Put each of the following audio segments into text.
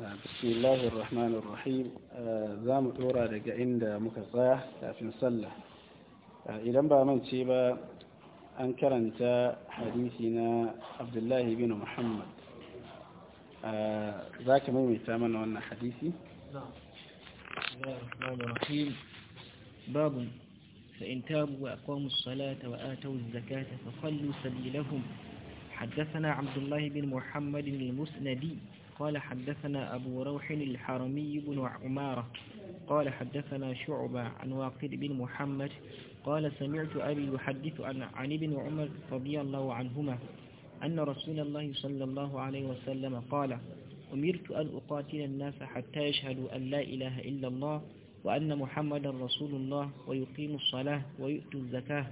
Ah, bismillahir rahmanir rahim ah, za mu dora daga inda muka tsaya kafin sallah ah, idan ba man ce ba an karanta hadisi na abdullahi bin muhammad za ka maimaita mana wannan hadisi باب فإن wa وأقاموا الصلاة وآتوا kwallo فخلوا سبيلهم حدثنا عبد الله بن محمد المسندي قال حدثنا أبو روح الحرمي بن عمارة قال حدثنا شعبة عن واقد بن محمد قال سمعت أبي يحدث عن, عن ابن عمر رضي الله عنهما أن رسول الله صلى الله عليه وسلم قال أمرت أن أقاتل الناس حتى يشهدوا أن لا إله إلا الله وأن محمدا رسول الله ويقيموا الصلاة ويؤتوا الزكاة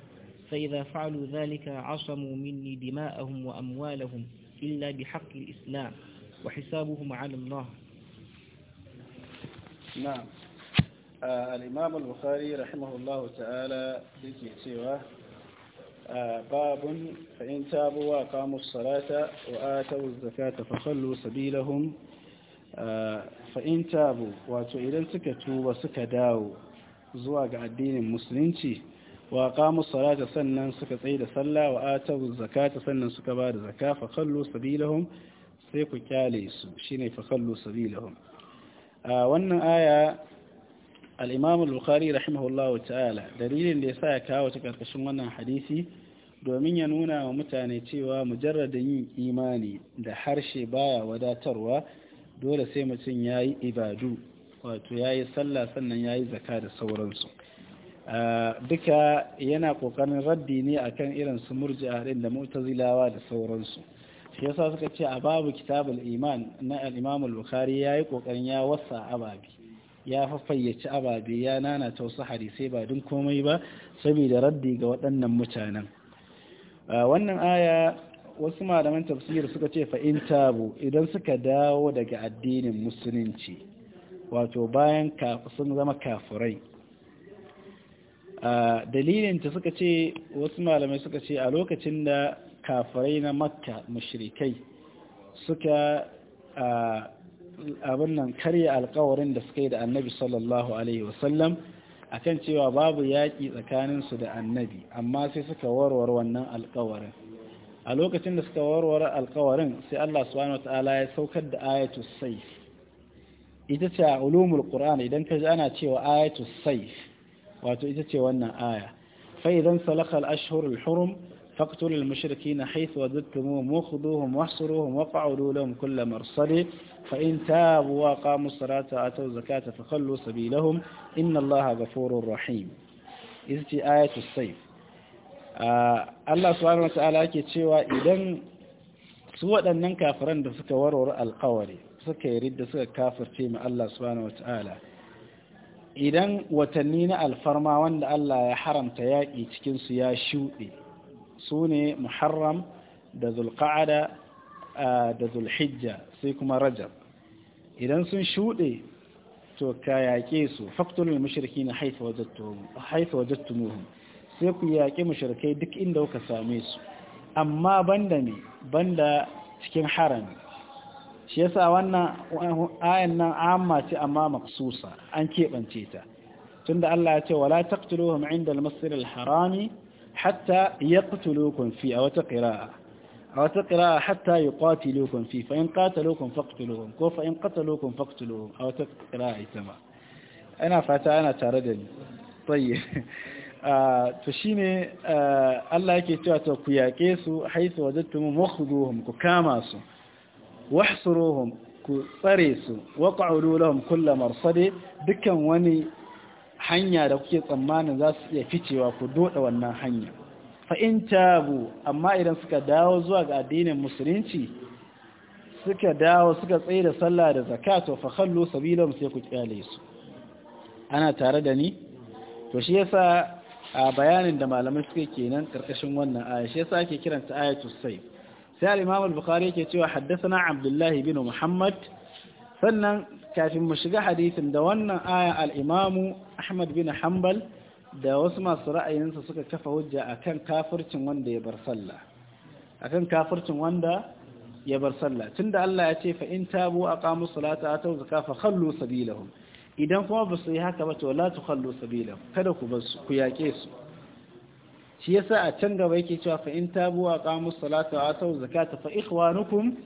فإذا فعلوا ذلك عصموا مني دماءهم وأموالهم إلا بحق الإسلام وحسابهم على الله نعم الإمام البخاري رحمه الله تعالى ذكي سواه باب فإن تابوا وأقاموا الصلاة وآتوا الزكاة فخلوا سبيلهم فإن تابوا واتوا إلى السكتوا وسكداوا زواج الدين المسلمين وقاموا الصلاة سنة سكتين صلى وآتوا الزكاة سنة سكبار زكاة فخلوا سبيلهم sai ku kyale su shine fa sabilahum wannan aya al-Imam al-Bukhari rahimahullahu ta'ala dalilin da ya sa ya kawo ta karkashin wannan hadisi domin ya nuna wa mutane cewa mujarradin yin imani da harshe baya wadatarwa dole sai mutum yayi ibadu wato yayi sallah sannan yayi zaka da sauransu duka yana kokarin raddi ne akan irin su murji'a da mu'tazilawa da sauransu shi yasa suka ce a babu kitabul iman na al-imam al-bukhari yayi kokarin ya wasa ababi ya fafayyaci ababi ya nana ta wasu hadisai ba dun komai ba saboda raddi ga waɗannan mutanen wannan aya wasu malaman tafsir suka ce fa in tabu idan suka dawo daga addinin musulunci wato bayan sun zama kafurai dalilin ta suka ce wasu malamai suka ce a lokacin da kafirai na makka mushrikai suka abin nan karya alkawarin da suka yi da annabi sallallahu alaihi wasallam akan cewa babu yaƙi tsakaninsu da annabi amma sai suka warware wannan alkawarin a lokacin da suka warware alkawarin sai Allah subhanahu wataala ya saukar da ayatu saif ita ce a ulumul qur'an idan ka ji ana cewa ayatu saif wato ita ce wannan aya fa idan salakha al hurum فاقتلوا المشركين حيث وجدتموهم وخذوهم واحصروهم وقعدوا لهم كل مرصد فإن تابوا وأقاموا الصلاة وآتوا الزكاة فخلوا سبيلهم إن الله غفور رحيم إذ آية السيف Allah subhanahu wata'ala cewa idan su waɗannan kafiran da suka warware alƙawari suka yi ridda suka kafirce ma Allah idan watanni na alfarma wanda Allah ya haramta yaƙi cikinsu ya shuɗe su ne muharram da zulqa'ada da zulhijja sai kuma rajab idan sun shuɗe to ka yaƙe su faktulul mushriki na haifa wajattumuhum sai ku yaƙi mushrikai duk inda kuka same su amma banda ne banda cikin harami shi yasa wannan ayan nan amma ce amma maksusa an keɓance ta tunda Allah ya ce wala taqtuluhum inda al-masjid harami حتى يقتلوكم فيه أو تقراء أو تقراء حتى يقاتلوكم فيه فإن قاتلوكم فاقتلوهم كو فإن قتلوكم فاقتلوهم أو تقراء تما fata فاتا tare da طيب to shine Allah yake cewa ta ku yaƙe su haisu wajadtum wakhuduhum ku kama su wahsuruhum ku tsare su waq'udu lahum kull marsadi dukkan wani hanya da kuke tsammanin za su iya ficewa ku doda wannan hanya fa'in tabu amma idan suka dawo zuwa ga addinin musulunci suka dawo suka tsaye da sallah da zakato fa kallo sabilan sai ku kyale su ana tare da ni to shi yasa a bayanin da malamai suke kenan karkashin wannan aya shi yasa ake kiranta ayatul sayf sai al-imam al-bukhari yake cewa haddathana Abdullahi bin muhammad sannan kafin mu shiga hadisin da wannan aya al'imamu ahmad bin hanbal da wasu masu ra'ayinsa suka kafa hujja akan kafircin wanda ya bar sallah akan kafircin wanda ya bar sallah tunda Allah ya ce fa in tabu aqamu salata atu zakata fa khallu sabilahum idan kuma ba su yi haka ba to la kallo sabilahum kada ku bar su ku yake su shi yasa a can gaba yake cewa fa in tabu aqamu salata atu zakata fa ikhwanukum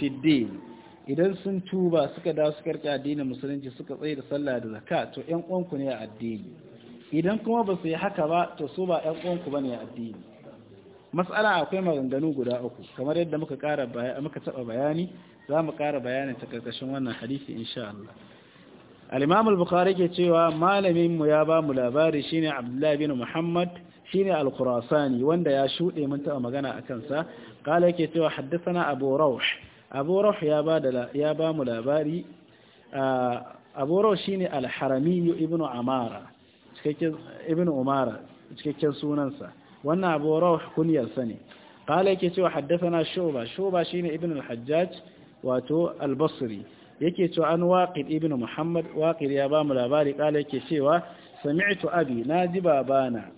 fid din idan sun tuba suka dawo su rike addinin musulunci suka tsaye da sallah da zakka to ƴan uwanku ne a addini idan kuma ba su yi haka ba to su ba ƴan uwanku bane a addini mas'ala akwai maganganu guda uku kamar yadda muka ƙara muka taba bayani za mu ƙara bayanin ta karkashin wannan hadisi insha Allah al-Imam al-Bukhari ke cewa malamin mu ya ba mu labari shine Abdullah bin Muhammad shine al-Khurasani wanda ya shude mun taba magana akan sa qala yake cewa haddathana Abu Rawh abu rauh ya ba mu labari abu shine alharamiyu ibn cikakken ibn umara cikakken sunansa wannan abu rauh kunyarsa ne qala yake cewa haddathana shuba shuba shine ibn al-hajjaj wato al-basri yake cewa an waqid ibn muhammad waqid ya ba mu labari qala yake cewa sami'tu abi ji babana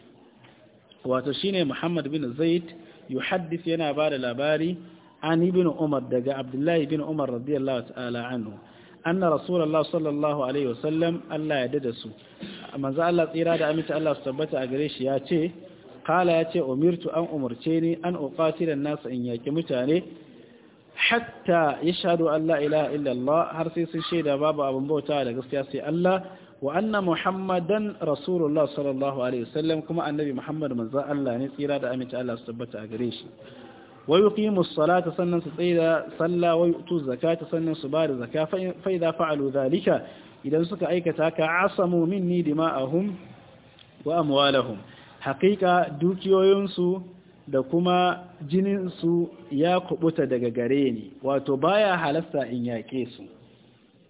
wato shine muhammad bin zaid yuhaddith yana ba da labari ani ibn umar daga abdullahi bin umar radiyallahu ta'ala anhu anna rasulullah sallallahu alaihi wasallam Allah ya dada su manzo Allah tsira da aminta Allah su tabbata shi ya ce kala ya ce umirtu an umarci ni an uqatila nasa in yaki mutane hatta ya an allah ilaha illa Allah har sai sun shaida babu abin bauta da gaskiya sai Allah wa anna muhammadan rasulullah sallallahu alaihi wasallam kuma annabi muhammad manzo Allah ne tsira da aminta Allah tabbata a gare shi wa yuqimu as-salata su tsaya salla wa yu'tu zakata sannan su ba da zakka fa idan suka aikata ka asamu minni dima'ahum wa amwalahum haqiqa dukiyoyinsu da kuma jininsu ya kubuta daga gare ni wato baya halasta in yaƙe su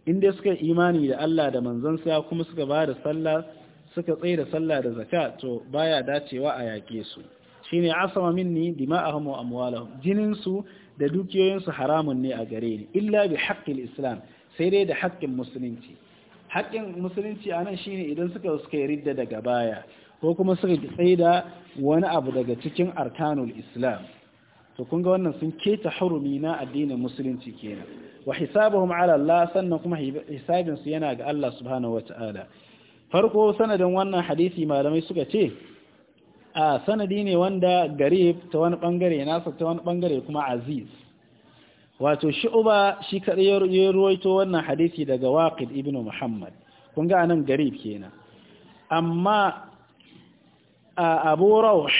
inda suka yi imani da Allah da manzansa kuma suka bada da sallah suka tsaye sallah da zaka to baya dacewa a yaƙe su shine asama minni dima'ahum wa amwalahum jinin su da dukiyoyinsu haramun ne a gare ni illa bi haqqil islam sai dai da haƙƙin musulunci haƙƙin musulunci anan shine idan suka suka ridda daga baya ko kuma suka tsaye da wani abu daga cikin arkanul islam to kun ga wannan sun keta hurumi na addinin musulunci kenan wa hisabuhum ala Allah sannan kuma hisabinsu yana ga Allah subhanahu wataala farko sanadin wannan hadisi malamai suka ce a sanadi ne wanda garib ta wani bangare nasa ta wani bangare kuma aziz wato shu'uba shi kadai ya ruwaito wannan hadisi daga waqid ibn muhammad kun ga anan garib kenan amma abu rauh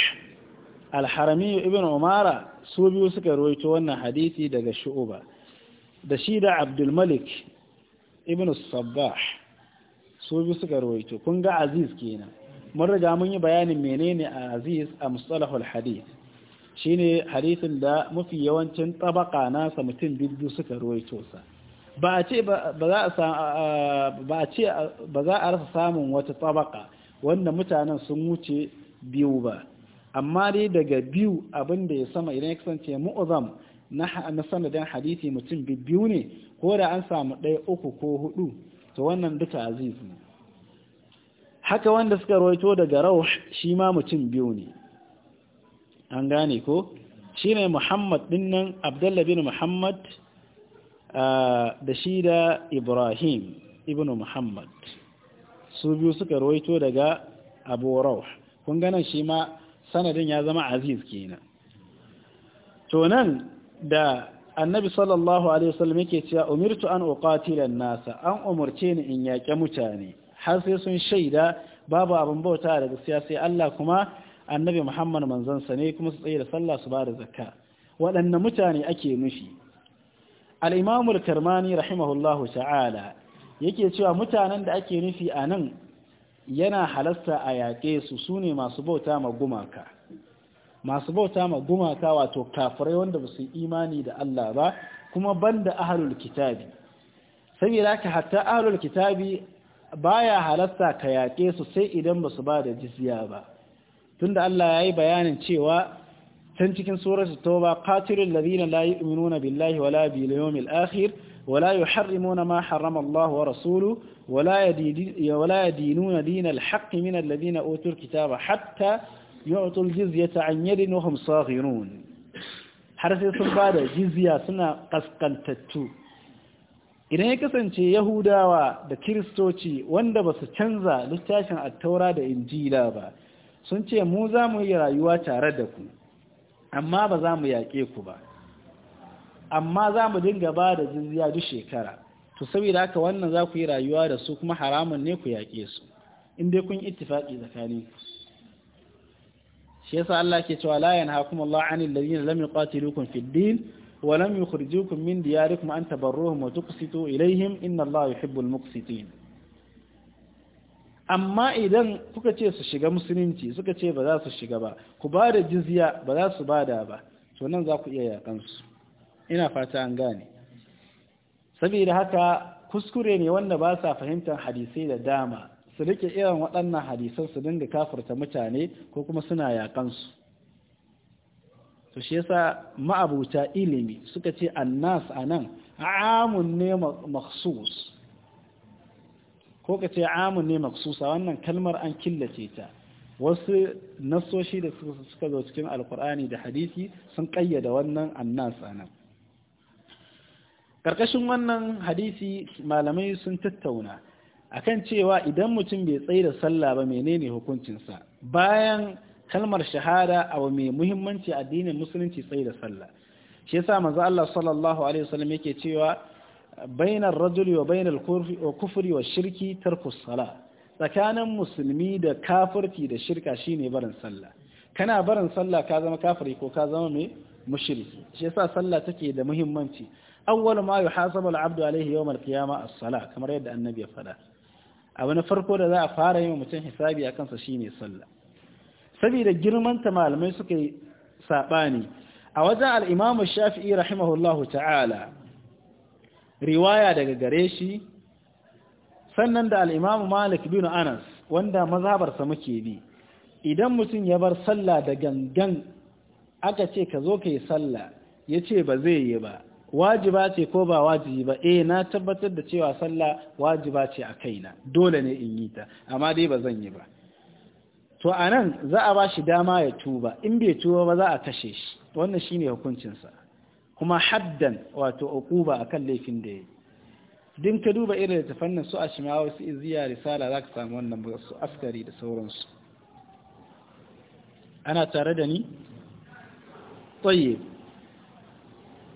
al ibn umara su biyu suka ruwaito wannan hadisi daga shu'uba da shi da abdul malik ibn sabbah su biyu suka ruwaito kun ga aziz kenan mun riga mun yi bayanin menene aziz a mustalahul hadith shine hadisin da mafi yawancin tabaka nasa mutum biyu suka ruwaito sa ba a ce ba za a rasa samun wata tabaka wanda mutanen sun wuce biyu ba amma dai daga biyu abinda ya sama idan ya kasance mu'azam na sanadin hadisi mutum biyu ne ko da an samu ɗaya uku ko hudu to wannan duka aziz ne haka wanda suka roito daga rauh shi ma mutum biyu ne an gane ko shi ne muhammad dinnan abdullah bin muhammad da shi da ibrahim ibn muhammad su biyu suka roito daga abu rauh kun ganin shi ma sanadin ya zama aziz kenan to nan da annabi sallallahu alaihi wasallam yake cewa umirtu an uqatila an-nasa an umurce ni in yaƙe mutane har sai sun shaida babu abin bauta da gaskiya sai Allah kuma annabi Muhammad manzansa ne kuma su tsaye da sallah su ba da zakka waɗanne mutane ake nufi al-Imam al-Karmani rahimahullahu ta'ala yake cewa mutanen da ake nufi a nan yana halasta a yaƙe su sune masu bauta ma gumaka masu bauta ma gumaka wato kafirai wanda ba su imani da Allah ba kuma banda ahlul kitabi saboda haka hatta ahlul kitabi baya halatta ka yaƙe su sai idan ba su ba da jizya ba tunda Allah ya yi bayanin cewa can cikin suratu tauba qatilul ladina la yu'minuna billahi wala bil akhir wala yuharrimuna ma harrama Allah wa rasuluhu wala yadinuna dinal haqq min alladhina utul ba hatta yu'tul jizyata an yadin wa hum har sai sun ba da jizya suna kaskantattu idan ya kasance yahudawa da kiristoci wanda ba su canza littafin attaura da injila ba sun ce mu za mu yi rayuwa tare da ku amma ba za mu yaƙe ku ba amma za mu dinga ba da jizya duk shekara to saboda haka wannan za ku yi rayuwa da su kuma haramun ne ku yaƙe su in dai kun ittifaqi tsakanin ku shi yasa Allah ke cewa la yanhaakum 'anil ladina lam yuqatilukum fid din ولم يخرجوكم من دياركم أن تبروهم وتقسطوا إليهم إن الله يحب المقسطين amma idan kuka ce su shiga musulunci suka ce ba za su shiga ba ku ba da jizya ba za su bada ba to nan za ku iya yakansu ina fata an gane saboda haka kuskure ne wanda ba sa fahimtar hadisai da dama su rike irin waɗannan hadisan su dinga kafarta mutane ko kuma suna su to shi yasa ma'abuta ilimi suka ce annas anan amun ne makhsus ko ka ce amun ne makhsusa wannan kalmar an killace ta wasu nasoshi da suka zo cikin alkur'ani da hadisi sun kayyada wannan annas anan karkashin wannan hadisi malamai sun tattauna akan cewa idan mutum bai tsaye da sallah ba menene hukuncinsa bayan kalmar shahada abu mai muhimmanci addinin musulunci sai da sallah shi yasa manzo Allah sallallahu alaihi wasallam yake cewa bainar rajuli wa bainal kufri wa shirki tarku tsakanin musulmi da kafirci da shirka shine barin sallah kana barin sallah ka zama kafiri ko ka zama mai mushriki shi yasa sallah take da muhimmanci awwal ma yuhasabu al-abdu alayhi yawm al-qiyama as-salah kamar yadda annabi ya faɗa abu na farko da za a fara yin mutum hisabi akan sa shine sallah saboda girmanta malamai suka yi saɓani a wajen al'imamu shafi'i rahimahullahu ta'ala riwaya daga gare shi sannan da al'imamu malik bin anas wanda mazabarsa muke bi idan mutum ya bar sallah da gangan aka ce ka zo ka yi sallah ya ce ba zai yi ba wajiba ce ko ba wajibi ba eh na tabbatar da cewa sallah wajiba ce a kaina dole ne in yi ta amma dai ba zan yi ba to a nan za a ba shi dama ya tuba in bai tuba ba za a kashe shi wannan shine hukuncinsa kuma haddan wato uquba akan laifin da ya yi din ka duba irin da tafannin su a shimawa su iziya risala za ka samu wannan su askari da sauransu ana tare da ni? tsaye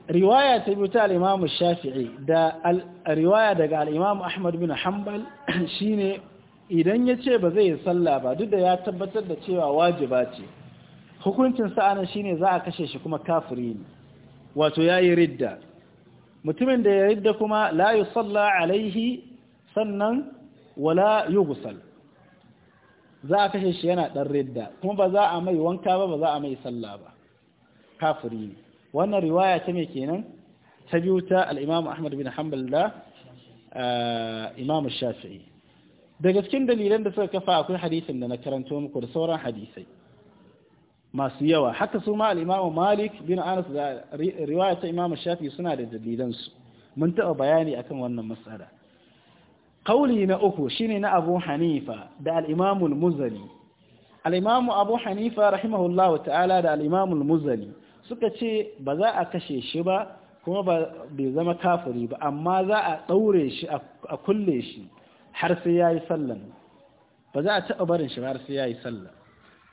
riwaya ta biyu ta al'imamu shafi'i da riwaya daga al'imamu ahmad bin hanbal shine idan ya ce ba zai yi sallah ba duk da ya tabbatar da cewa wajiba ce hukuncin sa'ana shine za a kashe shi kuma kafiri ne wato yayi ridda mutumin da ya ridda kuma la yusalla alaihi sannan wala yughsal za a kashe shi yana dan ridda kuma ba za a mai wanka ba ba za a mai sallah ba kafiri ne wannan riwaya ta me kenan ta biyu ta al-Imam Ahmad bin Hanbal da ah, Imam Shafi'i daga cikin dalilan da suka kafa akwai hadisin da na karanto muku da sauran hadisai masu yawa haka su ma Malik bin Anas da riwaya ta Imam Shafi suna da dalilan su mun taba bayani akan wannan matsala kauli na uku shine na Abu Hanifa da al-Imam muzani Abu Hanifa rahimahullahu ta'ala da al muzani suka ce ba za a kashe shi ba kuma bai zama kafiri ba amma za a daure shi a kulle shi har sai ya yi sallan ba za a taɓa barin shi har sai ya yi sallan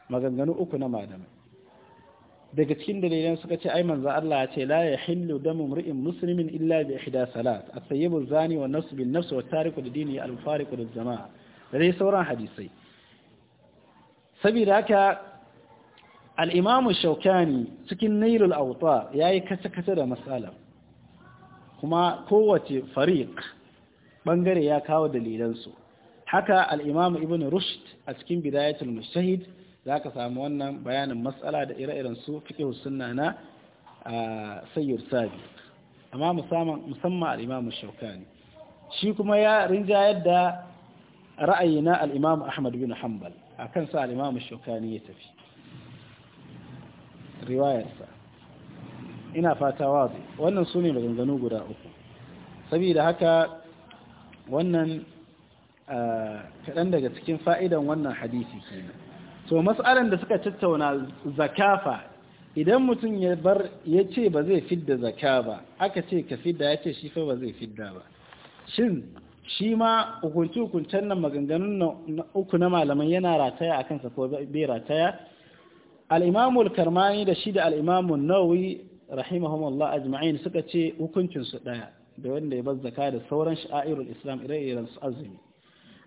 maganganu uku na malamai daga cikin dalilan suka ce ai manzo Allah ya ce la yahillu damu mri'in muslimin illa bi ihda salat at-tayyibu zani wa nasu bin nafs wa tariku dini al-fariqu lil-jama'a da dai sauran hadisai saboda haka al-imam shaukani cikin nailul awta yayi kace-kace da masala kuma kowace fariq bangare ya kawo dalilansu haka al-imam ibn rushd a cikin bidayatul za zaka samu wannan bayanin matsala da ire-iren su fiqh sunna na sayyid sabi amma musamman musamman al-imam shaukani shi kuma ya rinja yadda ra'ayina al-imam ahmad bin hanbal akan sa al-imam shaukani ya tafi riwayarsa ina fata wazi wannan su ne maganganu guda uku saboda haka wannan kaɗan daga cikin fa'idan wannan hadisi nan. so matsalan da suka tattauna zakafa idan mutum ya bar ya ce ba zai fidda zaka ba aka ce ka fidda ya ce shi fa ba zai fidda ba shin shi ma hukunci-hukuncen nan maganganun uku na malaman yana rataya a kansa ko bai rataya al'imamul karmani da shi da al'imamun nawi rahimahumallah ajma'in suka ce hukuncinsu ɗaya da wanda ya bar zaka da sauran sha'irul islam ire-iren su azumi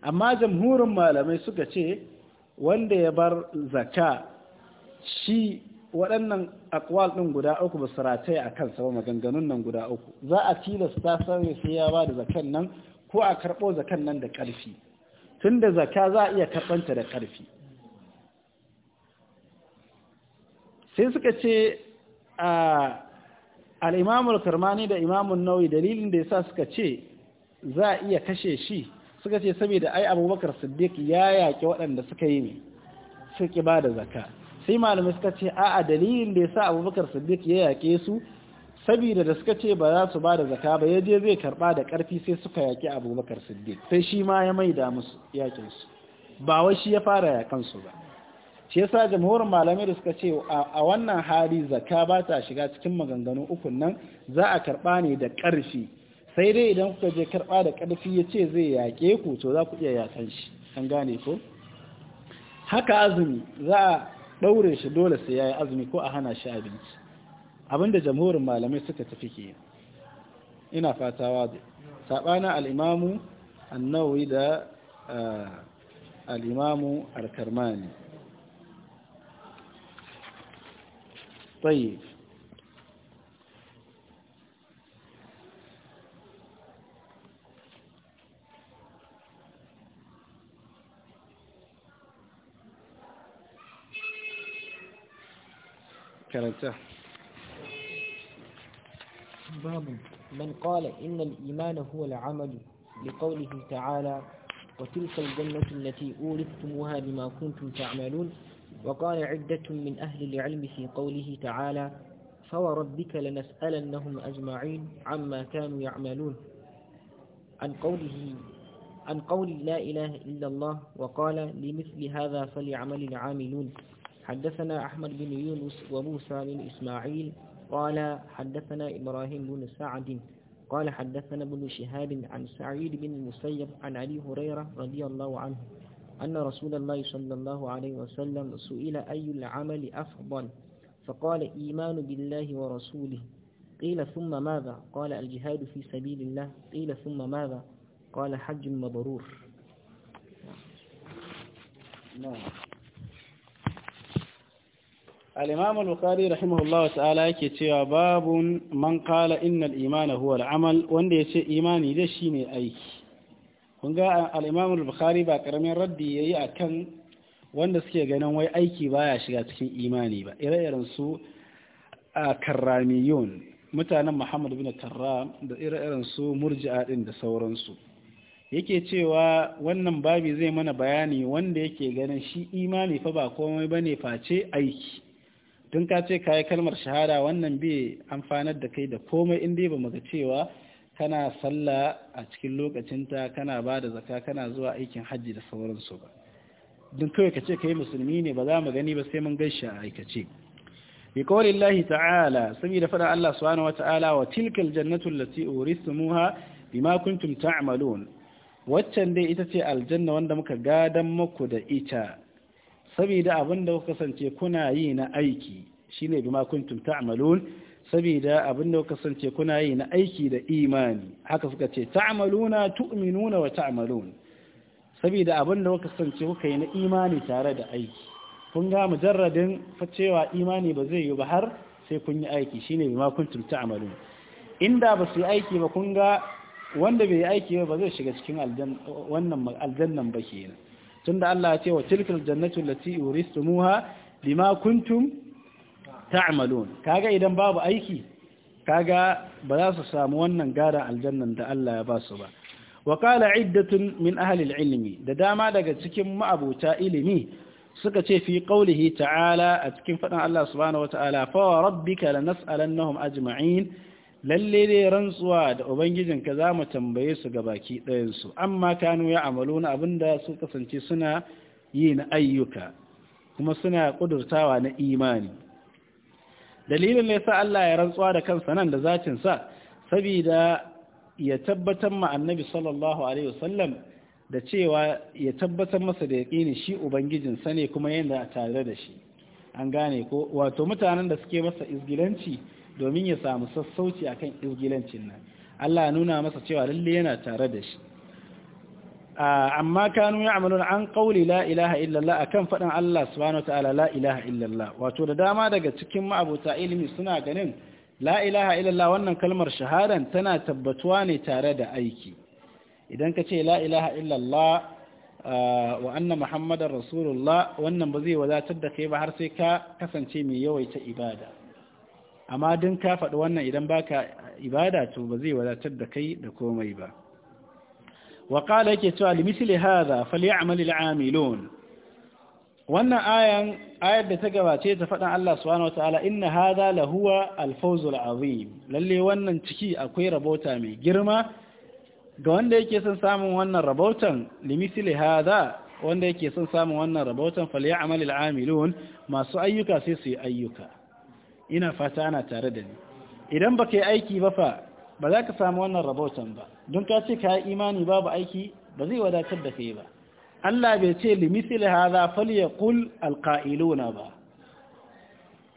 amma jamhurin malamai suka ce wanda ya bar zaka shi waɗannan akwal ɗin guda uku ba saratai a kansa ba maganganun nan guda uku za a tilasta sauye sai ya ba da zakan nan ko a karɓo zakan nan da ƙarfi tun da zaka za a iya karɓanta da ƙarfi sai suka ce a al'imamul karmani da imamun nauyi dalilin da yasa suka ce za a iya kashe shi suka ce saboda ai abubakar siddiq ya yaƙi waɗanda suka yi ne suka ba da zaka sai malamai suka ce a'a dalilin da yasa abubakar siddiq ya yaƙe su saboda da suka ce ba za su ba da zaka ba ya je zai karɓa da ƙarfi sai suka yaƙi abubakar siddiq sai shi ma ya maida musu su ba wai shi ya fara yaƙansu ba shi yasa jamhurin malamai da suka ce a wannan hali zakka ba ta shiga cikin maganganun ukun nan za a karɓa ne da ƙarfi sai dai idan kuka je karɓa da ƙarfi ya ce zai yaƙe ku to za ku iya yakan shi an gane ko haka azumi za a ɗaure shi dole sai ya yi azumi ko a hana shi abinci abinda jamhurin malamai suka tafi ke ina fatawa da saɓana al'imamu annawi da al'imamu alkarmani طيب كانت باب من قال إن الإيمان هو العمل لقوله تعالى وتلك الجنة التي أورثتموها بما كنتم تعملون وقال عدة من أهل العلم في قوله تعالى فوربك لنسألنهم أجمعين عما كانوا يعملون عن قوله عن قول لا إله إلا الله وقال لمثل هذا فليعمل العاملون حدثنا أحمد بن يونس وموسى بن إسماعيل قال حدثنا إبراهيم بن سعد قال حدثنا ابن شهاب عن سعيد بن المسيب عن علي هريرة رضي الله عنه أن رسول الله صلى الله عليه وسلم سئل أي العمل أفضل فقال إيمان بالله ورسوله قيل ثم ماذا قال الجهاد في سبيل الله قيل ثم ماذا قال حج مبرور نعم. الإمام البخاري رحمه الله تعالى yake باب من قال إن الإيمان هو العمل وأن amal إيماني ذا imani da kun ga al bukhari ba karamin raddi ya yayi akan wanda suke ganin wai aiki baya shiga cikin imani ba ire-iren su karramiyun mutanen Muhammad bin Karram da ire-iren su murji'a din da sauransu yake cewa wannan babi zai mana bayani wanda yake ganin shi imani fa ba komai bane face aiki tun ka ce kayi kalmar shahada wannan bai amfanar da kai da komai in dai ba mu ga cewa kana sallah a cikin lokacinta kana ba da zaka kana zuwa aikin hajji da sauransu ba don kawai ka ce ka yi musulmi ne ba za mu gani ba sai mun gaishe a aikace bi kawalin lahi ta'ala saboda faɗa Allah subhanahu ta'ala wa tilkal jannatul lati urisumuha bima kuntum waccan dai ita ce aljanna wanda muka gadan muku da ita sabida abin da kuka kasance kuna yi na aiki shine bima kuntum saboda abin da kasance kuna yi na aiki da imani haka suka ce taamaluna tu'minuna wa ta'amalun saboda abin da kasance kuka yi na imani tare da aiki kun ga mujarradin cewa imani ba zai yi ba har sai kun yi aiki shine bima kuntum ta'malun inda ba su yi aiki ba kun ga wanda bai yi aiki ba zai shiga cikin wannan aljannan ba kenan tunda Allah ya ce wa tilkal jannatu allati uristumuha bima kuntum ta'malun kaga idan babu aiki kaga ba za su samu wannan gara aljannan da Allah ya ba su ba wa qala iddatun min ahli ilimi da dama daga cikin ma'abuta ilimi suka ce fi qawlihi ta'ala a cikin fadan Allah subhanahu wata'ala fa rabbika lanas'alannahum ajma'in lalle ne rantsuwa da ubangijinka za mu tambaye su ga baki ɗayansu amma kanu ya amaluna abinda su kasance suna yi ayyuka kuma suna ƙudurtawa na imani dalilin ne sa Allah ya rantsuwa da kansa nan da zatin sa saboda ya tabbatar ma annabi sallallahu alaihi wasallam da cewa ya tabbatar masa da yaqini shi ubangijinsa ne kuma a tare da shi an gane ko wato mutanen da suke masa izgilanci domin ya samu sassauci akan izgilancin nan Allah ya nuna masa cewa lalle yana tare da shi amma kanu ya'maluna an qawli la ilaha illallah akan fadan Allah subhanahu wataala la ilaha illallah wato da dama daga cikin ma'abota ilimi suna ganin la ilaha illallah wannan kalmar shahadan tana tabbatuwa ne tare da aiki idan ka ce la ilaha illallah wa anna muhammadar rasulullah wannan ba zai wadatar da kai ba har sai ka kasance mai yawaita ibada amma din ka faɗi wannan idan baka ibada to ba zai wadatar da kai da komai ba wa yake cewa limithli hadha falyamal al'amilun wannan ayan ayar da ta gabace ta faɗan Allah subhanahu wataala inna hadha lahuwa al-fawz azim lalle wannan ciki akwai rabota mai girma ga wanda yake son samun wannan rabotan limithli hadha wanda yake son samun wannan rabotan falyamal al'amilun masu ayyuka sai su yi ayyuka ina fata ana tare da ni idan baka yi aiki ba fa ba za ka samu wannan rabautan ba don ka ce ka yi imani babu aiki ba zai wadatar da kai ba Allah bai ce limithil hadha falyaqul alqa'iluna ba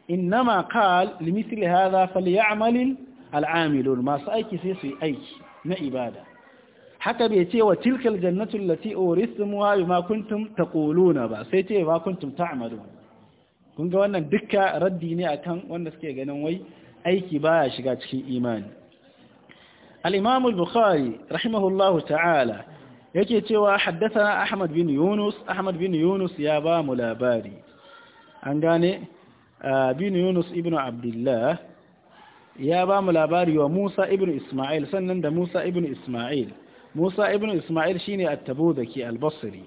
innama qal limithil hadha falyamal al'amilun masu aiki sai su yi aiki na ibada haka bai ce wa tilkal jannatu allati uristumuha bima kuntum taquluna ba sai ce ba kuntum ta'malun kun ga wannan dukka raddi ne akan wanda suke ganin wai aiki baya shiga cikin imani al-imamul رحمه الله تعالى yake cewa haddasa Ahmad bin Yunus Ahmad bin Yunus ya ba labari ya ba labari wa Musa ibn Ismail sannan da Musa ibn Ismail Musa ibn Ismail shine at-Tabuzaki al-Basri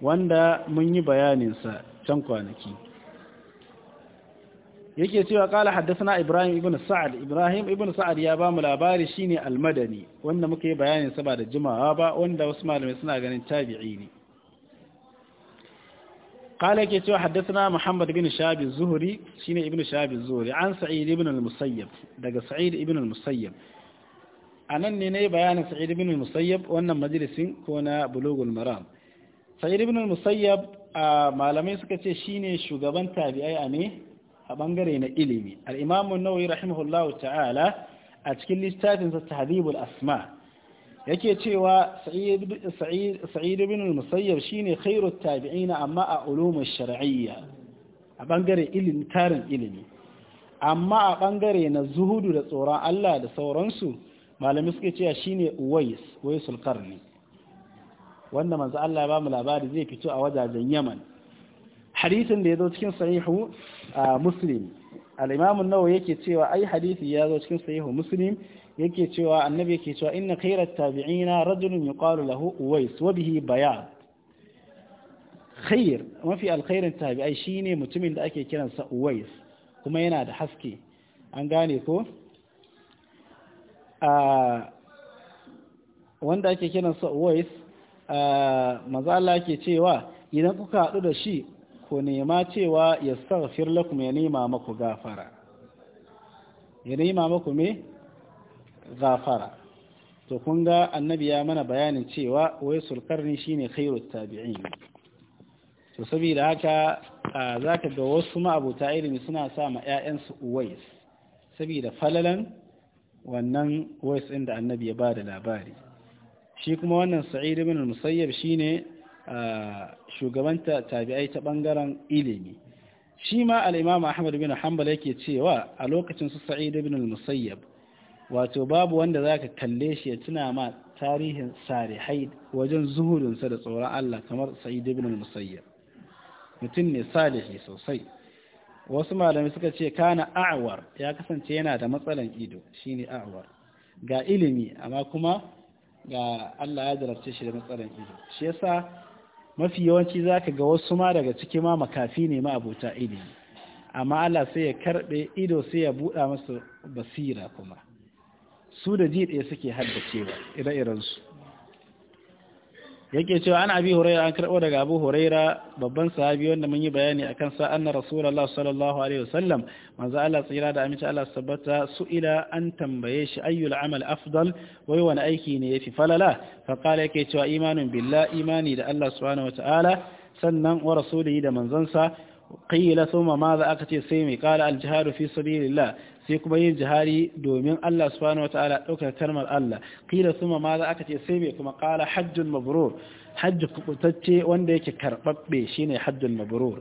wanda mun yi bayanin sa can kwanaki yake cewa kala haddasa Ibrahim ibn Sa'ad Ibrahim ibn Sa'ad ya ba mu labari shine al-Madani wanda muka yi bayanin sa ba da jimawa ba wanda wasu malamai suna ganin tabi'i ne kala yake cewa haddasa Muhammad ibn shabi zuhri shine ibn shabi zuhri an Sa'id ibn al-Musayyab daga Sa'id ibn al-Musayyab anan ne nayi bayanin Sa'id ibn al-Musayyab wannan majalisin ko na bulugul Maram Sa'id ibn al-Musayyab malamai suka ce shine shugaban tabi'ai a ne a bangare na ilimi al-imam rahimahullahu ta'ala a cikin littafinsa tahdhibul asma' yake cewa sa'id ibn musayyab shine khairu tabi'ina amma a ulumin shar'iyya a bangare tarin ilimi amma a bangare na zuhudu da tsoron Allah da sauransu malami suke cewa shine uwais waisul qarni wanda manzo Allah ya ba mu labari zai fito a wajajen Yaman hadisin da ya zo cikin sahihu muslim al-imam nawa yake cewa ai hadisi ya zo cikin sahihu muslim yake cewa annabi yake cewa inna khayra at-tabi'ina rajulun yuqalu lahu uwais wa bihi bayad khayr mafi alkhairin tabi'ai shine mutumin da ake kiransa uwais kuma yana da haske an gane ko wanda ake kiransa uwais manzo Allah yake cewa idan kuka haɗu da shi ku nema cewa ya staghfir lakum ya nema maku gafara ya nema maku me gafara to kun ga annabi ya mana bayanin cewa wai sulkarni shine khairut tabi'in to saboda haka za ka ga wasu ma'abuta ilimi suna sa ma ƴaƴansu uwais saboda falalan wannan uwais din da annabi ya bada labari shi kuma wannan sa'id ibn al shine shugabanta tabi'ai ta bangaren ilimi shi ma al'imama ahmad bin hanbal yake cewa a lokacin su sa'id ibn al-musayyab wato babu wanda zaka kalle shi ya tuna ma tarihin sarihai wajen zuhurinsa da tsoron Allah kamar sa'id ibn al-musayyab mutum ne salihi sosai wasu malami suka ce kana a'war ya kasance yana da matsalan ido shine a'war ga ilimi amma kuma ga Allah ya jarabce shi da matsalan ido shi yasa mafi yawanci za ka ga wasu ma daga ciki ma makafi ne ma abota ilimi amma Allah sai ya karɓe ido sai ya buɗa masa basira kuma su da ji ɗaya suke haddacewa ire-irensu yake cewa ana abi huraira an karɓo daga abu huraira babban sahabi wanda mun yi bayani a kansa na rasulallah sallallahu alaihi wasallam manzo Allah tsira da aminci Allah sabbata su'ila an tambaye shi ayyul amal afdal wai wani aiki ne yafi falala fa qala yake cewa imanun billah imani da Allah subhanahu wataala sannan wa rasulihi da manzansa qila thumma madha aka ce sai mai qala al jihadu fi sabilillah sai kuma yin jihari domin Allah subhanahu wataala daukar kalmar Allah kila suma ma za aka ce sai me kuma qala hajjun mabrur hajji kubutacce wanda yake karbabbe shine hajjun mabrur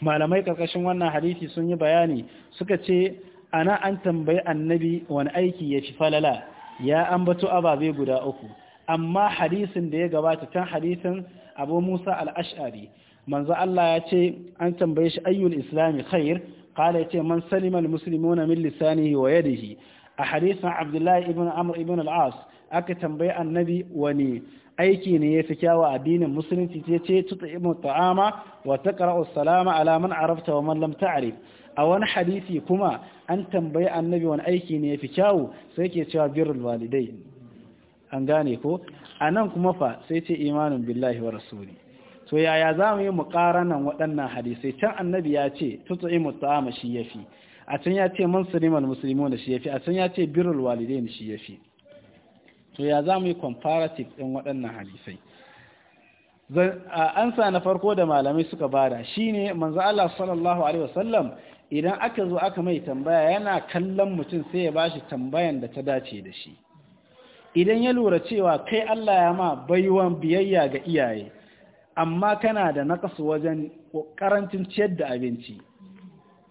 malamai karkashin wannan hadisi sun yi bayani suka ce ana an tambayi annabi wani aiki ya fi falala ya ambato ababe guda uku amma hadisin da ya gabata kan hadisin Abu Musa al-Ash'ari manzo Allah ya ce an tambaye shi ayyul islami khair قال يتي من سلم المسلمون من لسانه ويده أحاديث عبد الله ابن عمرو ابن العاص aka tambayi annabi wani aiki ne ya fi kyawa addinin musulunci ce ce tut'imu ta'ama wa taqra'u salama ala man arafta wa man lam ta'rif a wani hadisi kuma an tambayi annabi wani aiki ne ya fi kyawu sai ke cewa birrul walidai an gane kuma fa ce imanin billahi wa rasuli to yaya za mu yi muƙaranan waɗannan hadisai can annabi ya ce tutsu'imu ta'ama shi yafi a can ya ce musulman muslimuna shi yafi a can ya ce birrul walidain shi yafi to ya za mu yi comparative ɗin waɗannan hadisai ansa na farko da malamai suka bada shine manzo Allah sallallahu alaihi wasallam idan aka zo aka mai tambaya yana kallon mutum sai ya bashi tambayan da ta dace da shi idan ya lura cewa kai Allah ya ma baiwan biyayya ga iyaye amma kana da nakasu wajen karancin ciyar da abinci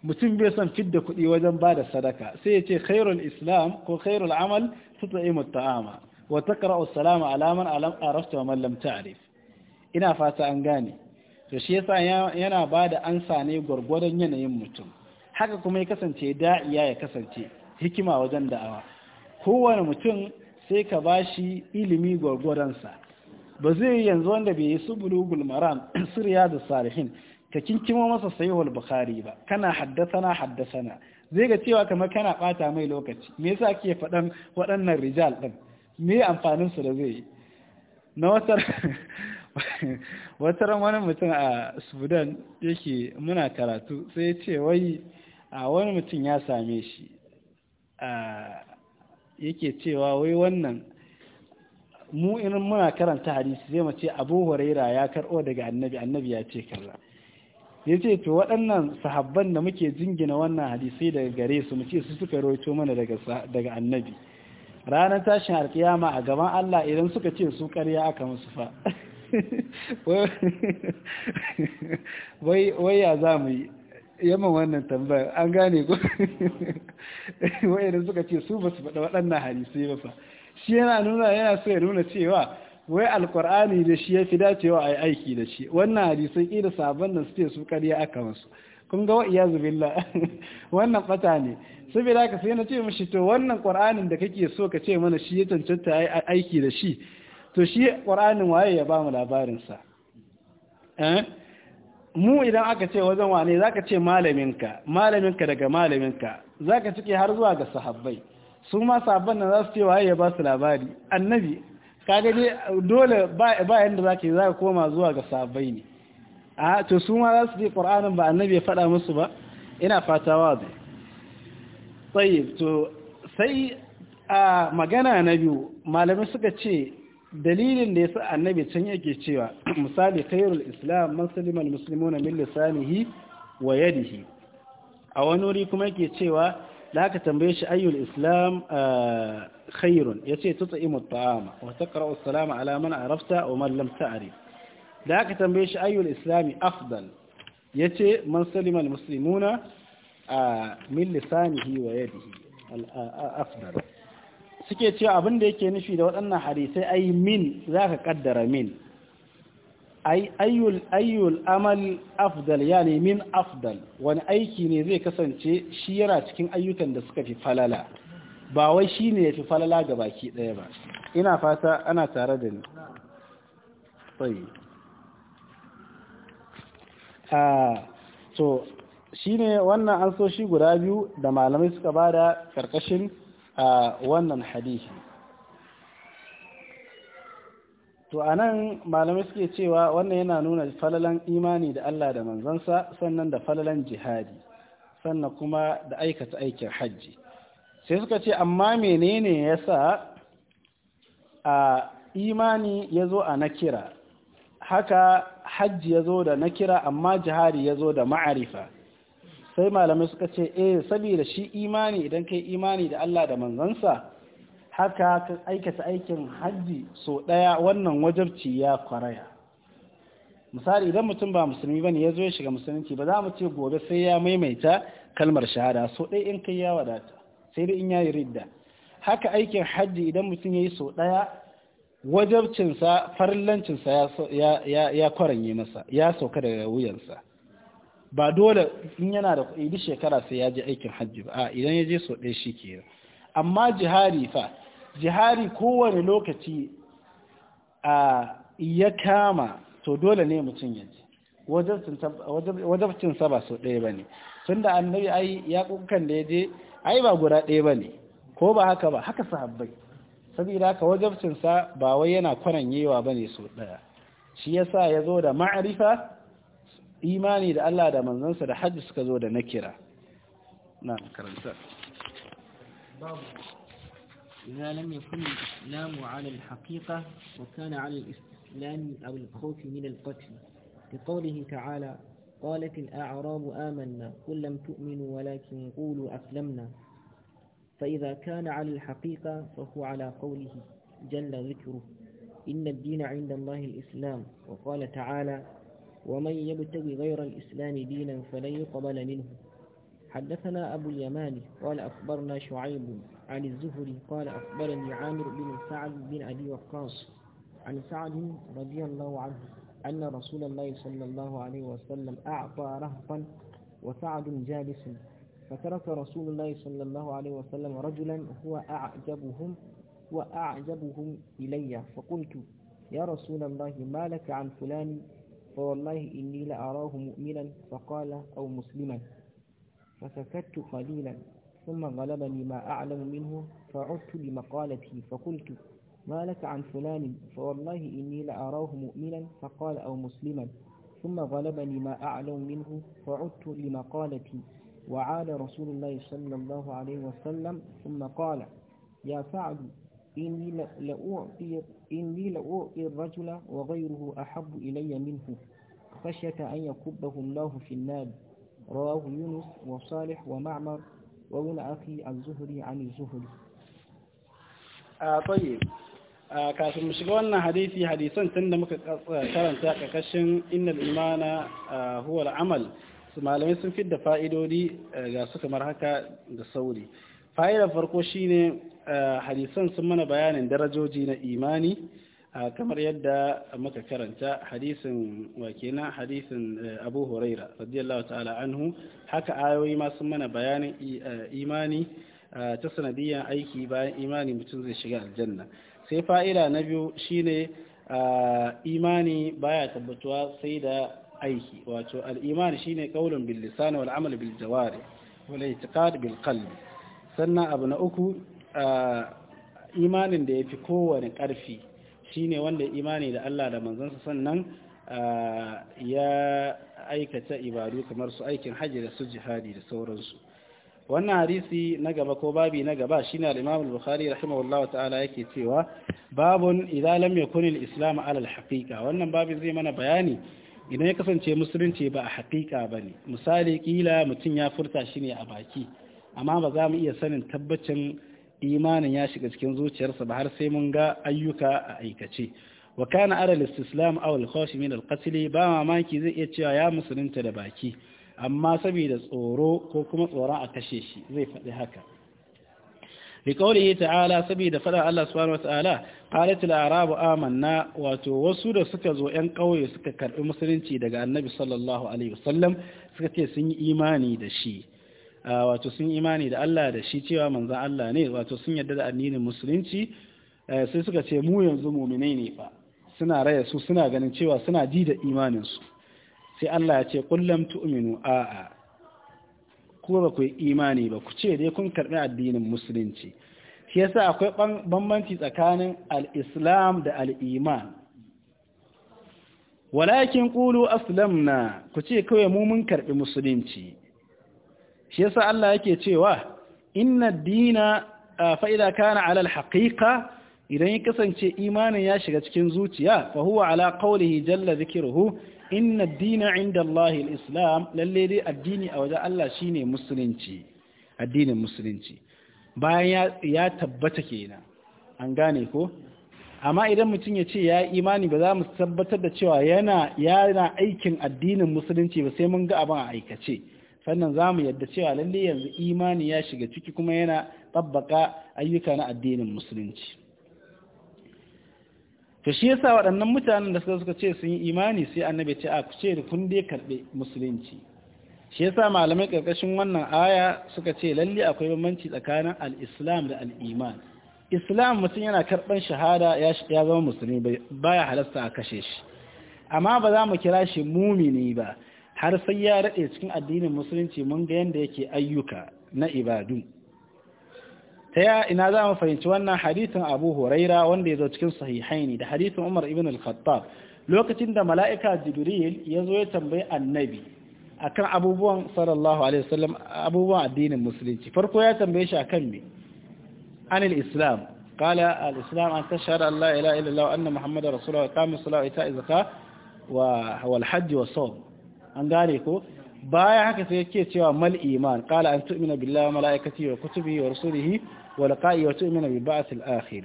mutum bai son fidda kuɗi wajen ba da sadaka sai ya ce khairul islam ko khairul amal tut'imu ta'ama wa taqra'u salama alaman arafta wa man lam ina fata an gane to shi yasa yana ba da ansa ne gwargwadon yanayin mutum haka kuma ya kasance da'iya ya kasance hikima wajen da'awa kowane mutum sai ka bashi ilimi gwargwadonsa ba zai yanzu wanda bai yi su bulugul maram suriya da salihin ka kinkimo masa sayuwar bukhari ba kana haddathana haddathana zai ga cewa kamar kana bata mai lokaci me yasa ake faɗan waɗannan rijal din me amfanin su da zai yi na wata wata wani mutum a Sudan yake muna karatu sai ya ce wai a wani mutum ya same shi yake cewa wai wannan mu in muna karanta hadisi zai mace abu huraira ya karɓo daga annabi annabi ya ce kaza ya ce to waɗannan sahabban da muke jingina wannan hadisai daga gare su muke su suka roito mana daga annabi ranar tashin alkiyama a gaban Allah idan suka ce su ƙarya aka musu fa wai ya za mu yi wannan tambayar an gane ku. wai idan suka ce su ba su faɗa waɗannan hadisi ba fa shi yana nuna yana so ya nuna cewa wai alkur'ani da shi ya fi dacewa a yi aiki da shi wannan hadisan ƙila sabon da suke su ƙarya aka masu kun ga wa'iya zubilla wannan fata ne saboda ka sai na ce mashi to wannan ƙur'anin da kake so ka ce mana shi ya cancanta aiki da shi to shi ƙur'anin waye ya ba mu labarinsa eh? mu idan aka ce wajen wane za ka ce malaminka malaminka daga malaminka za ka cike har zuwa ga sahabbai su ma sabon nan za su ce waye ya ba su labari annabi kaga dai dole ba yanda za ka yi za ka koma zuwa ga sabai ne a to su ma za su je ƙur'anin ba annabi ya faɗa musu ba ina fata wa zai tsaye to sai a magana na biyu malamai suka ce dalilin da ya sa annabi can yake cewa misali khairul islam man salima al-muslimuna min lisanihi wa yadihi a wani wuri kuma yake cewa da aka tambaye shi ayyul islam ah, khairun yace tut'imu at'ama wa taqra'u as-salama alaman man arafta wa man da aka tambaye shi ayyul islam afdal yace man salima musulmuna a ah, min lisanihi wa yadihi ah, afdal suke cewa abin da yake nufi da waɗannan hadisai ai min zaka kaddara min ay ayyul ayyul amal afdal yani min afdal wani aiki ne zai kasance shi yana cikin ayyukan da suka fi falala ba wai shi ne ya fi falala ga baki ɗaya ba ina fata ana tare da ni tsaye ah, shi ne wannan an so shi guda biyu da malamai suka bada da ƙarƙashin ah, wannan hadisi to a nan malamai suke cewa wannan yana nuna falalan imani da Allah da manzansa sannan da falalan jihadi sannan kuma da aikata aikin hajji sai suka ce amma menene ya sa a imani ya zo a nakira haka hajji ya zo da nakira amma jihadi ya zo da ma'arifa sai malamai suka ce eh saboda shi imani idan kai imani da Allah da manzansa haka ka aikata aikin hajji so ɗaya wannan wajabci ya kwaraya misali idan mutum ba musulmi bane ya zo ya shiga musulunci ba za mu ce gobe sai ya maimaita kalmar shahada so ɗaya in kai ya wadata sai dai in ya yi ridda haka aikin hajji idan mutum ya yi so ɗaya wajabcinsa farillancinsa ya kwaranye masa ya sauka daga wuyansa ba dole in yana da kuɗi shekara sai ya je aikin hajji ba a idan ya je so ɗaya shi kenan amma jihari fa jihari kowane lokaci a ya kama to dole ne mutum ya ji wajabcinsa ba sau ɗaya ba ne tun da annabi ai ya kukan da ya je ai ba guda ɗaya ba ne ko ba haka ba haka sahabbai saboda haka wajabcinsa ba wai yana kwanan yewa ba ne sau ɗaya shi ya sa ya zo da ma'arifa imani da Allah da manzansa da hajji suka zo da na kira na karanta إذا لم يكن الإسلام على الحقيقة وكان على الاستسلام أو الخوف من القتل لقوله تعالى قالت الأعراب آمنا قل لم تؤمنوا ولكن قولوا أسلمنا فإذا كان على الحقيقة فهو على قوله جل ذكره إن الدين عند الله الإسلام وقال تعالى ومن يبتغي غير الإسلام دينا فلن يقبل منه حدثنا أبو اليمان قال أخبرنا شعيب عن الزهري قال أخبرني عامر بن سعد بن أبي وقاص عن سعد رضي الله عنه أن رسول الله صلى الله عليه وسلم أعطى رهطا وسعد جالس فترك رسول الله صلى الله عليه وسلم رجلا هو أعجبهم وأعجبهم إلي فقلت يا رسول الله ما لك عن فلان فوالله إني لأراه مؤمنا فقال أو مسلما فسكت قليلا ثم غلبني ما أعلم منه فعدت لمقالتي فقلت ما لك عن فلان فوالله إني لأراه مؤمنا فقال أو مسلما ثم غلبني ما أعلم منه فعدت لمقالتي وعاد رسول الله صلى الله عليه وسلم ثم قال يا سعد إني لأعطي, إني لأعطي الرجل وغيره أحب إلي منه خشية أن يكبه الله في النار رواه يونس وصالح ومعمر وهنا اخي الزهري عن الزهري طيب كاشم شيغو wannan hadisi hadisan tunda muka karanta kakkashin innal imana huwa al-amal su malamai sun da fa'idodi ga su kamar haka da sauri fa'idar farko shine hadisan sun mana bayanin darajoji na imani kamar yadda muka karanta hadisin wakina hadisin eh, abu huraira radiyallahu ta'ala anhu haka ayoyi masu mana bayanin eh, imani eh, ta sanadiyyar aiki bayan imani mutum zai shiga aljanna sai fa'ida na biyu shine imani baya tabbatuwa sai da aiki wato al'imani shine qaulun bil lisan wal amal bil jawari wal i'tiqad bil qalbi sannan abu na uku imanin da yafi kowane karfi shine wanda imani da Allah da manzansa sannan ya aikata ibadu kamar su aikin hajji da su jihadi da sauransu wannan hadisi na gaba ko babi na gaba shine al-Imam bukhari rahimahullah ta'ala yake cewa babun idza lam yakun islam alal al wannan babin zai mana bayani idan ya kasance musulunci ba a ba ne misali kila mutum ya furta shi ne a baki amma ba za mu iya sanin tabbacin imanin ya shiga cikin zuciyarsa ba har sai mun ga ayyuka a aikace wa kana ara al-istislam aw al min al-qatl ba mamaki zai iya cewa ya musulunta da baki amma saboda tsoro ko kuma tsoron a kashe shi zai faɗi haka liƙaurihi ta'ala saboda faɗa Allah subhanahu wata'ala qalatul amanna wato wasu da suka zo 'yan ƙauye suka karɓi musulunci daga annabi sallallahu alaihi wasallam suka ce sun yi imani da shi Ah, wato sun imani da Allah da shi cewa manzan Allah ne wato sun yadda da addinin musulunci eh, sai suka ce mu yanzu muminai ne fa suna raya su suna ganin cewa suna ji da imaninsu sai Allah ya ce kullum tu'minu a'a ko ba ku imani ba ku ce dai kun karbi addinin musulunci shi yasa akwai bambanci tsakanin al-islam da al-iman walakin qulu aslamna ku ce kawai mu mun karbi musulunci shi yasa Allah yake cewa inna dina fa idza kana ala alhaqiqa idan ya kasance imanin ya shiga cikin zuciya fa huwa ala qawlihi jalla dhikruhu inna dina inda Allah islam lalle dai addini a wajen Allah shine musulunci addinin musulunci bayan ya tabbata kenan an gane ko amma idan mutum ya ce ya yi imani ba za mu tabbatar da cewa yana yana aikin addinin musulunci ba sai mun ga abin a aikace fannin za mu yadda cewa lalle yanzu imani ya shiga ciki kuma yana tabbaka ayyuka na addinin musulunci to shi yasa waɗannan mutanen da suka suka ce sun yi imani sai annabi ce a ku ce kun dai karɓe musulunci shi yasa malamai ƙarƙashin wannan aya suka ce lalle akwai bambanci tsakanin al-islam da al-iman islam mutum yana karɓar shahada ya zama musulmi baya halasta a kashe shi amma ba za mu kira shi mumini ba har sai ya daɗe cikin addinin musulunci mun ga yadda yake ayyuka na ibadu ta ya ina za mu fahimci wannan hadithin abu huraira wanda ya zo cikin sahihaini da hadithin umar ibn al-khattab lokacin da mala'ika jibril ya zo ya tambayi annabi akan abubuwan sallallahu alaihi wasallam abubuwan addinin musulunci farko ya tambaye shi akan me al islam qala al islam an tashhadu an la ilaha illallah wa anna muhammadar rasulullah wa qamu salata wa zakata wa wal hajj wa sawm an gane ko baya haka sai yake cewa mal iman qala an tu'mina billahi wa malaikatihi wa kutubihi wa rusulihi wa liqa'i wa tu'mina bil ba'th al akhir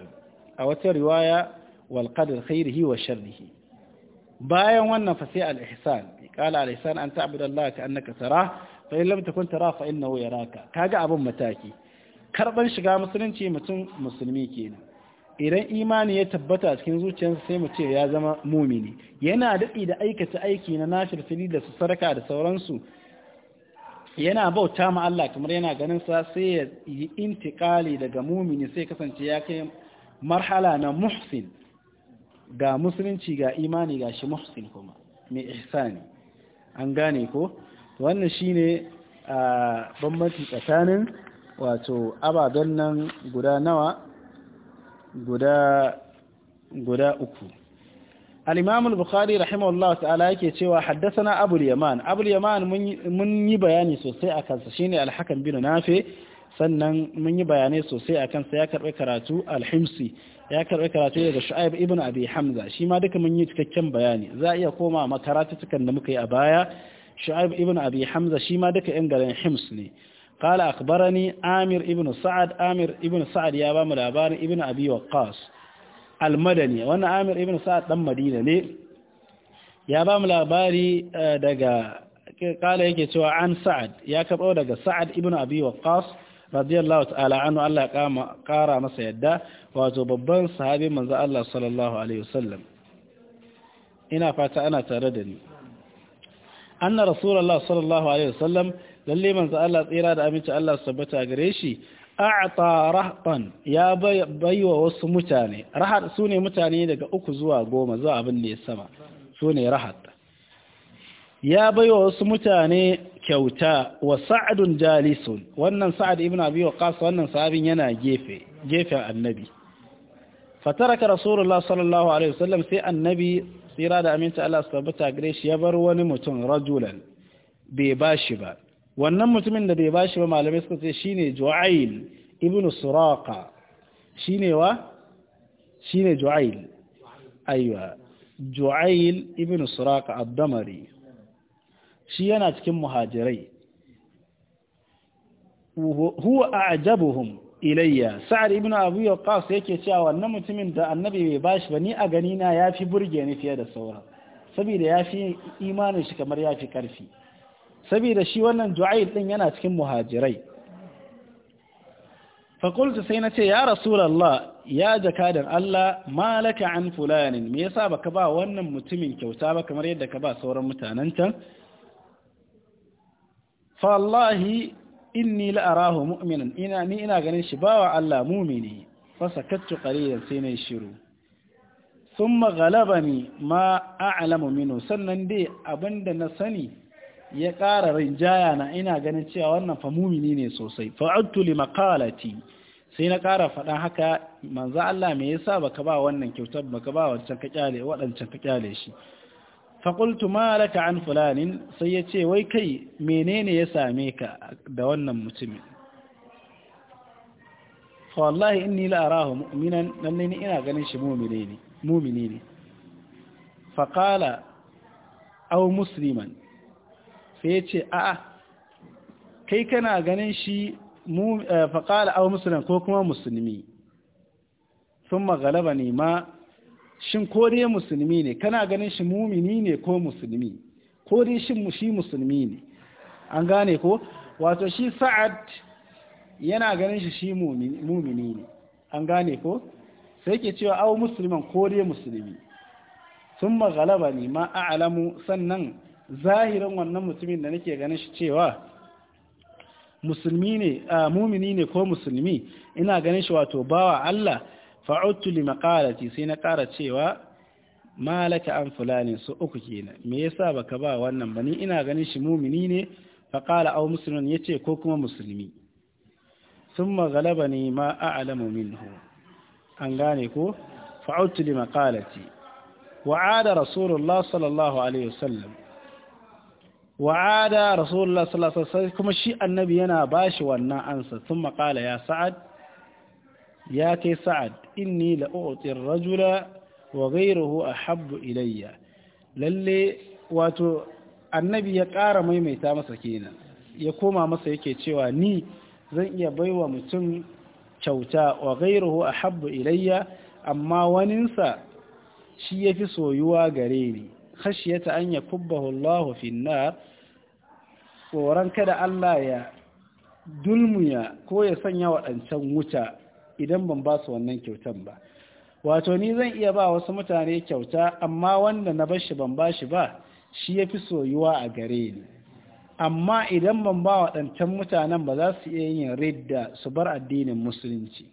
a wata riwaya wal qadar khairihi wa sharrihi bayan wannan fa sai al ihsan qala al ihsan an ta'budu allaha ka annaka tara fa in lam takun tara fa innahu yaraka kaga abun mataki karban shiga musulunci mutum musulmi kenan idan imani ya tabbata cikin zuciyarsa sai mu ce ya zama mumini yana daɗi da aikata aiki na nashir fili da su sarka da sauransu yana bauta ma Allah kamar yana ganin sa sai ya yi intikali daga mumini sai kasance ya kai marhala na muhsin ga musulunci ga imani ga shi muhsin kuma mai ihsani an gane ko wannan shine a ah, bambanci tsakanin wato ababen nan guda nawa guda guda uku al-imam al-bukhari rahimahullah ta'ala yake cewa haddathana abul yaman abul yaman mun yi bayani sosai akansa shine alhakan hakam nafe sannan mun yi bayanai sosai akan sa ya karbi karatu al ya karbi karatu daga shu'aib ibn abi hamza shi ma mun yi cikakken bayani za iya koma makaratu tukan da muka yi a baya shu'aib ibn abi hamza shi ma duka yan garin hims ne قال أخبرني آمر ابن سعد آمر ابن سعد يا بام الأبار ابن أبي وقاص المدني وأنا آمر ابن سعد دم مدينة لي يا بام الأبار دقا قال يكي سوى عن سعد يا كبرو دقا سعد ابن أبي وقاص رضي الله تعالى عنه الله قام قارا مسا يدا wato babban sahabi manzo Allah sallallahu alaihi wasallam ina fata ana tare da ni anna rasulullah sallallahu alaihi wasallam lalle manzo Allah tsira da aminci Allah sabbata gare shi a'ta rahban ya baiwa wasu mutane rahat sune mutane daga uku zuwa goma zuwa abin da ya sama sune rahat ya baiwa wasu mutane kyauta wa sa'adun jalisun wannan sa'ad ibn abi waqas wannan sahabin yana gefe gefen annabi fataraka rasulullah sallallahu alaihi wasallam sai annabi tsira da aminci Allah sabbata gare shi ya bar wani mutum rajulan bai bashi ba wannan mutumin da bai bashi ba malamai suka ce shine Ju'ail ibn Suraqa shine wa shine Ju'ail aiwa Ju'ail ibn Suraqa ad shi yana cikin muhajirai huwa a'jabuhum ilayya sa'ad ibn abu yaqas yake cewa wannan mutumin da annabi bai bashi ba ni a gani na yafi burge ni fiye da sauran saboda yafi imanin shi kamar yafi karfi saboda shi wannan ju'ail din yana cikin muhajirai fakultu sai na ce ya rasulallah ya jakadan Allah malaka an fulanin me yasa baka ba wannan mutumin kyauta ba kamar yadda ka ba sauran mutanen can fallahi inni la'arahu mu'minan ina ni ina ganin shi bawa Allah mumini fa sakattu qalilan sai na shiru thumma ghalabani ma a'lamu minhu sannan dai abinda na sani ya ƙara rinjaya na ina ganin cewa wannan fa mumini ne sosai fa'adtu li maqalati sai na ƙara faɗa haka manzo Allah me yasa baka ba wannan kyautar baka ba wancan ka kyale wadancan ka kyale shi fa qultu ma laka an fulanin sai yace wai kai menene ya same ka da wannan mutumin fa wallahi inni la arahu mu'minan lalle ni ina ganin shi mu'mini ne mu'mini ne fa qala aw musliman sai ya ce a'a kai kana ganin shi eh, faƙala awa musulun ko kuma musulmi sun magalaba ne ma shin ko dai musulmi ne kana ganin shi mumini ne ko musulmi ko dai shi musulmi ne an gane ko wato shi sa'ad yana ganin shi shi mumini ne an gane ko sai ke cewa awa musulman ko dai musulmi sun magalaba ne ma a'alamu sannan zahirin wannan mutumin da nake ganin shi cewa musulmi ne mumini ne ko musulmi ina ganin shi wato bawa Allah fa'udtu li maqalati sai na ƙara cewa malaka an fulani su uku kenan me yasa baka ba wannan bani ina ganin shi mumini ne fa qala aw muslimun yace ko kuma musulmi thumma ghalabani ma a'lamu minhu an gane ko fa'udtu li maqalati wa'ada rasulullah sallallahu alaihi wasallam wa'ada rasulullah sallallahu alaihi wasallam kuma shi annabi yana bashi wannan ansa sun maƙala ya sa'ad ya kai sa'ad inni la'u'tir rajula wa ghayruhu ahabbu ilayya lalle wato annabi ya ƙara maimaita masa kenan ya koma masa yake cewa ni zan iya baiwa mutum kyauta wa ghayruhu ahabbu ilayya amma waninsa shi yafi soyuwa gare ni khashiyata an yakubbahu Allahu fi nar koran kada Allah ya dulmuya ko ya sanya wadancan wuta idan ban ba su wannan kyautan ba wato ni zan iya ba wasu mutane kyauta amma wanda na bashi ban bashi ba shi yafi soyuwa a gare ni amma idan ban ba waɗancan mutanen ba za su iya yin ridda su bar addinin musulunci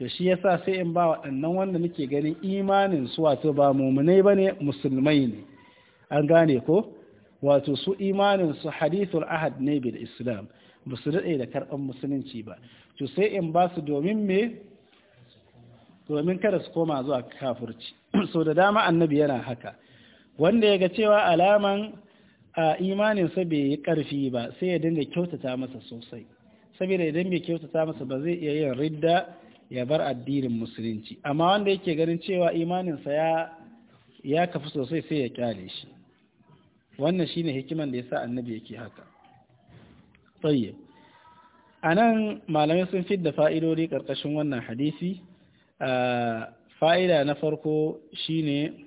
to shi yasa sai in ba waɗannan wanda nake ganin imanin su wato ba mumunai bane musulmai ne an gane ko wato su imanin su hadithul ahad ne bil islam ba su daɗe da karɓar musulunci ba to sai in ba su domin me domin kada su koma zuwa kafurci. so da dama annabi yana haka wanda ya ga cewa alaman a imaninsa bai yi ƙarfi ba sai ya dinga kyautata masa sosai saboda idan bai kyautata masa ba zai iya yin ridda ya bar addinin musulunci amma wanda yake ganin cewa imaninsa ya ya kafi sosai sai ya kyale shi wannan shine hikiman da yasa annabi yake haka tayyib anan malamai sun da fa'idodi karkashin wannan hadisi fa'ida na farko shine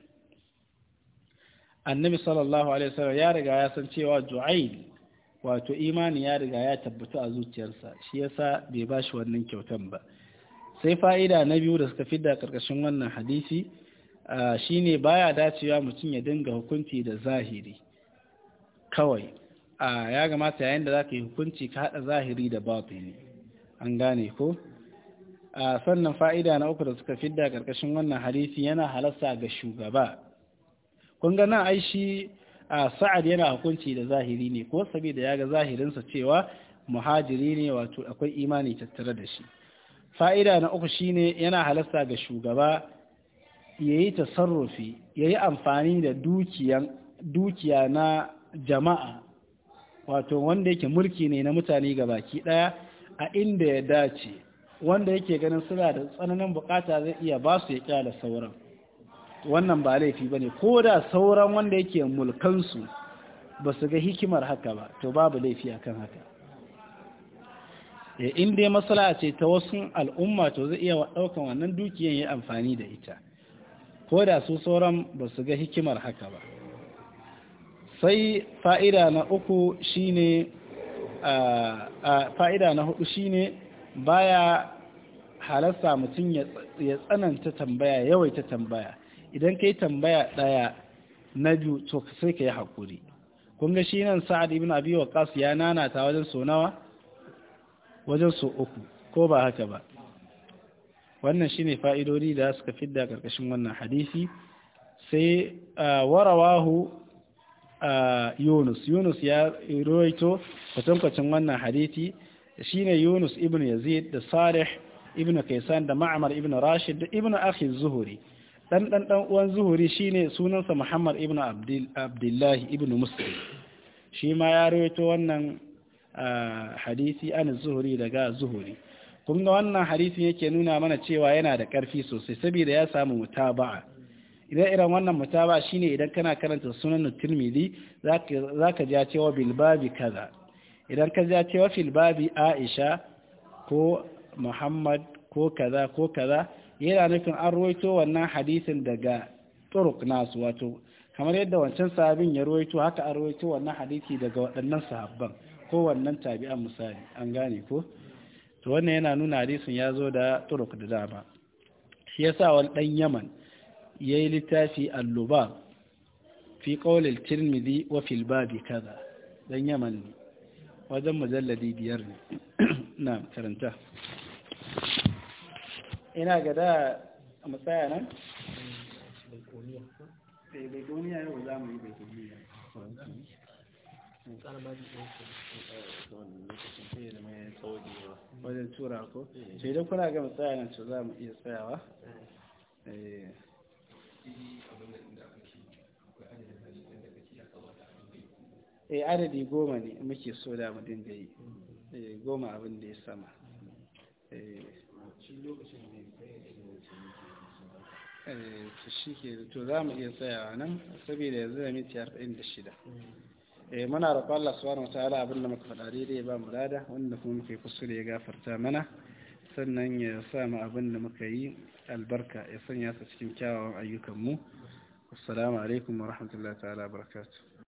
annabi sallallahu alaihi wasallam ya riga ya san cewa ju'ail wato imani ya riga ya tabbatu a zuciyarsa shi yasa bai bashi wannan kyautan ba sai fa'ida na biyu da suka fidda karkashin wannan hadisi shine baya dacewa mutum ya dinga hukunci da zahiri kawai ya gamata yayin da za ka yi hukunci ka haɗa zahiri da batini an gane ko sannan fa'ida na uku da suka fidda karkashin wannan hadisi yana halasta ga shugaba kun ga aishi ai sa'ad yana hukunci da zahiri ne ko saboda ya ga zahirinsa cewa muhajiri ne wato akwai imani tattare da shi fa'ida na uku shine yana halasta ga shugaba ya yi tasarrufi ya yi amfani da dukiya na jama'a wato wanda yake mulki ne na mutane ga baki ɗaya a inda ya dace wanda yake ganin suna da tsananin bukata zai iya ba su ya da sauran wannan ba laifi ba ne ko da sauran wanda yake mulkansu ba su ga hikimar haka ba to babu laifi akan haka Eh, in dai masala ce ta wasu al'umma to zai iya ɗaukan wannan dukiyan ya amfani da ita ko da su sauran ba su ga hikimar haka ba sai fa'ida na uku shine fa'ida na hudu shine baya halarsa mutum ya tsananta tambaya ta tambaya idan ka yi tambaya ɗaya na biyu to sai ka yi haƙuri kun ga shi nan sa'ad ibn abi waqas ya nanata wajen sonawa wajen su uku ko ba haka ba wannan shine fa'idodi da suka fidda karkashin wannan hadisi sai warawahu Yunus Yunus ya ruwaito kwatankwacin wannan hadisi shine Yunus ibn Yazid da Salih ibn Kaysan da ma'amar ibn Rashid da ibn Akhi Zuhri dan dan dan uwan Zuhri shine sunansa Muhammad ibn Abdullahi ibn Muslim shi ma ya ruwaito wannan A hadisi an zuhuri daga zuhuri kun wannan hadisin yake nuna mana cewa yana da ƙarfi sosai saboda ya samu mutaba'a idan irin wannan mutaba'a shine idan kana karanta sunan tirmidhi zaka ji cewa bil babi kaza idan ka ji cewa fil babi aisha ko muhammad ko kaza ko kaza yana nufin an ruwaito wannan hadisin daga turuk nasu wato kamar yadda wancan sahabin ya ruwaito haka an ruwaito wannan hadisi daga waɗannan sahabban kowannan tabi'an misali an gane ko to wannan yana nuna hadisin ya zo da turuk da dama shi ya sa wani ɗan yaman ya yi littafi alluba fi ƙaunar tirmidhi wa filbabi kaza ɗan yaman ne wajen mujalladi biyar ne na karanta ina ga da a matsaya nan? Eh, baikoniya yau za mu yi baikoniya wajen tura ko eh. idan kuna gama za mu iya tsayawa eh. Eh. eh adadi goma ne muke so da mu dinga yi hmm. goma abin da ya sama hmm. to shi ke to za mu iya tsayawa nan saboda yanzu da miti hmm. 46 eh muna roƙon Allah subhanahu wataala abinda muka faɗa daidai ya ba mu lada wanda kuma muka yi kuskure ya gafarta mana sannan ya sa mu abinda muka yi albarka ya sanya su cikin kyawawan ayyukan mu assalamu alaikum wa rahmatullahi ta'ala barakatuh